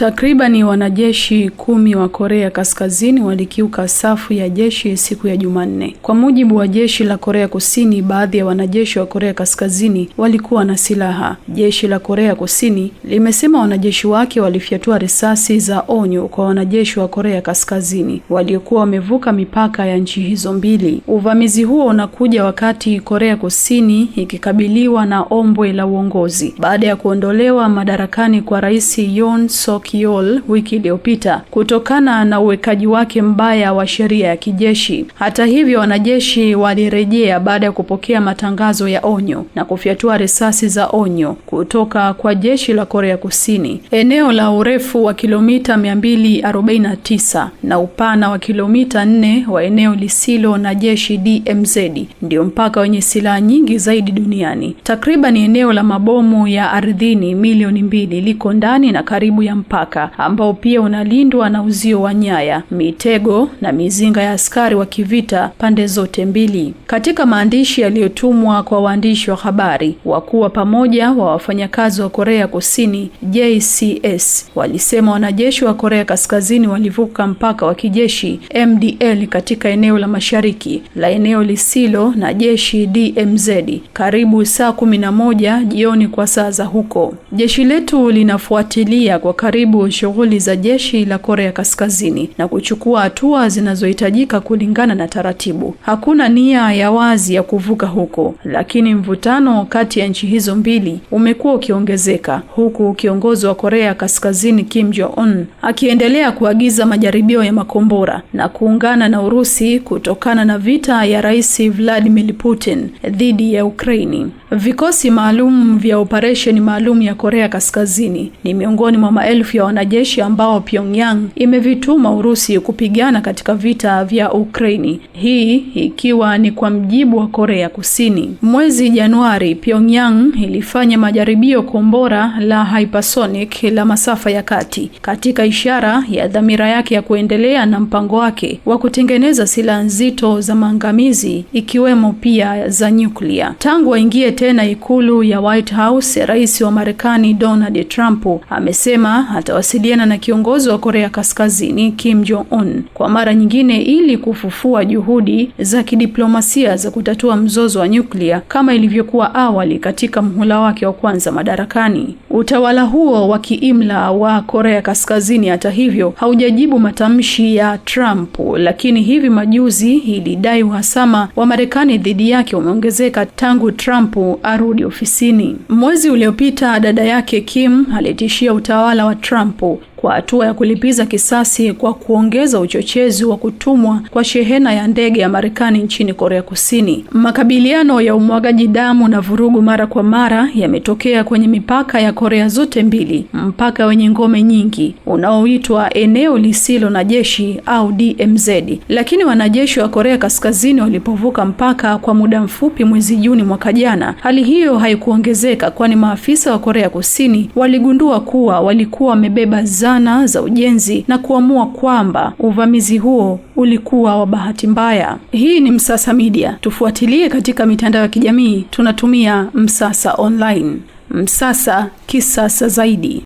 Takribani wanajeshi kumi wa Korea Kaskazini walikiuka safu ya jeshi siku ya Jumanne. Kwa mujibu wa jeshi la Korea Kusini, baadhi ya wanajeshi wa Korea Kaskazini walikuwa na silaha. Jeshi la Korea Kusini limesema wanajeshi wake walifyatua risasi za onyo kwa wanajeshi wa Korea Kaskazini waliokuwa wamevuka mipaka ya nchi hizo mbili. Uvamizi huo unakuja wakati Korea Kusini ikikabiliwa na ombwe la uongozi baada ya kuondolewa madarakani kwa Rais Yoon Suk Kiol wiki iliyopita kutokana na uwekaji wake mbaya wa sheria ya kijeshi. Hata hivyo, wanajeshi walirejea baada ya kupokea matangazo ya onyo na kufyatua risasi za onyo kutoka kwa jeshi la Korea Kusini. Eneo la urefu wa kilomita 249 na upana wa kilomita 4 wa eneo lisilo na jeshi DMZ ndio mpaka wenye silaha nyingi zaidi duniani. Takriban eneo la mabomu ya ardhini milioni mbili liko ndani na karibu ya mpaka mpaka ambao pia unalindwa na uzio wa nyaya, mitego na mizinga ya askari wa kivita pande zote mbili. Katika maandishi yaliyotumwa kwa waandishi wa habari, wakuu wa pamoja wa wafanyakazi wa Korea Kusini JCS walisema wanajeshi wa Korea Kaskazini walivuka mpaka wa kijeshi MDL katika eneo la mashariki la eneo lisilo na jeshi DMZ karibu saa kumi na moja jioni kwa saa za huko. Jeshi letu linafuatilia kwa karibu kuratibu shughuli za jeshi la Korea Kaskazini na kuchukua hatua zinazohitajika kulingana na taratibu. Hakuna nia ya wazi ya kuvuka huko, lakini mvutano kati ya nchi hizo mbili umekuwa ukiongezeka, huku kiongozi wa Korea Kaskazini Kim Jong Un akiendelea kuagiza majaribio ya makombora na kuungana na Urusi kutokana na vita ya Rais Vladimir Putin dhidi ya Ukraini. Vikosi maalum vya operesheni maalum ya Korea Kaskazini ni miongoni mwa maelfu vipya wanajeshi ambao Pyongyang imevituma Urusi kupigana katika vita vya Ukraini, hii ikiwa ni kwa mjibu wa Korea Kusini. Mwezi Januari, Pyongyang ilifanya majaribio kombora la hypersonic la masafa ya kati katika ishara ya dhamira yake ya kuendelea na mpango wake wa kutengeneza silaha nzito za maangamizi ikiwemo pia za nyuklia. Tangu aingie tena ikulu ya White House, rais wa Marekani Donald Trump amesema atawasiliana na kiongozi wa Korea Kaskazini Kim Jong Un kwa mara nyingine ili kufufua juhudi za kidiplomasia za kutatua mzozo wa nyuklia kama ilivyokuwa awali katika mhula wake wa kwanza madarakani. Utawala huo wa kiimla wa Korea Kaskazini, hata hivyo, haujajibu matamshi ya Trump, lakini hivi majuzi ilidai uhasama wa Marekani dhidi yake umeongezeka tangu Trump arudi ofisini. Mwezi uliopita, dada yake Kim alitishia utawala wa trample kwa hatua ya kulipiza kisasi kwa kuongeza uchochezi wa kutumwa kwa shehena ya ndege ya Marekani nchini Korea Kusini. Makabiliano ya umwagaji damu na vurugu mara kwa mara yametokea kwenye mipaka ya Korea zote mbili, mpaka wenye ngome nyingi unaoitwa eneo lisilo na jeshi au DMZ. Lakini wanajeshi wa Korea Kaskazini walipovuka mpaka kwa muda mfupi mwezi Juni mwaka jana, hali hiyo haikuongezeka, kwani maafisa wa Korea Kusini waligundua kuwa walikuwa wamebeba zana za ujenzi na kuamua kwamba uvamizi huo ulikuwa wa bahati mbaya. Hii ni Msasa Media, tufuatilie katika mitandao ya kijamii, tunatumia Msasa Online. Msasa kisasa zaidi.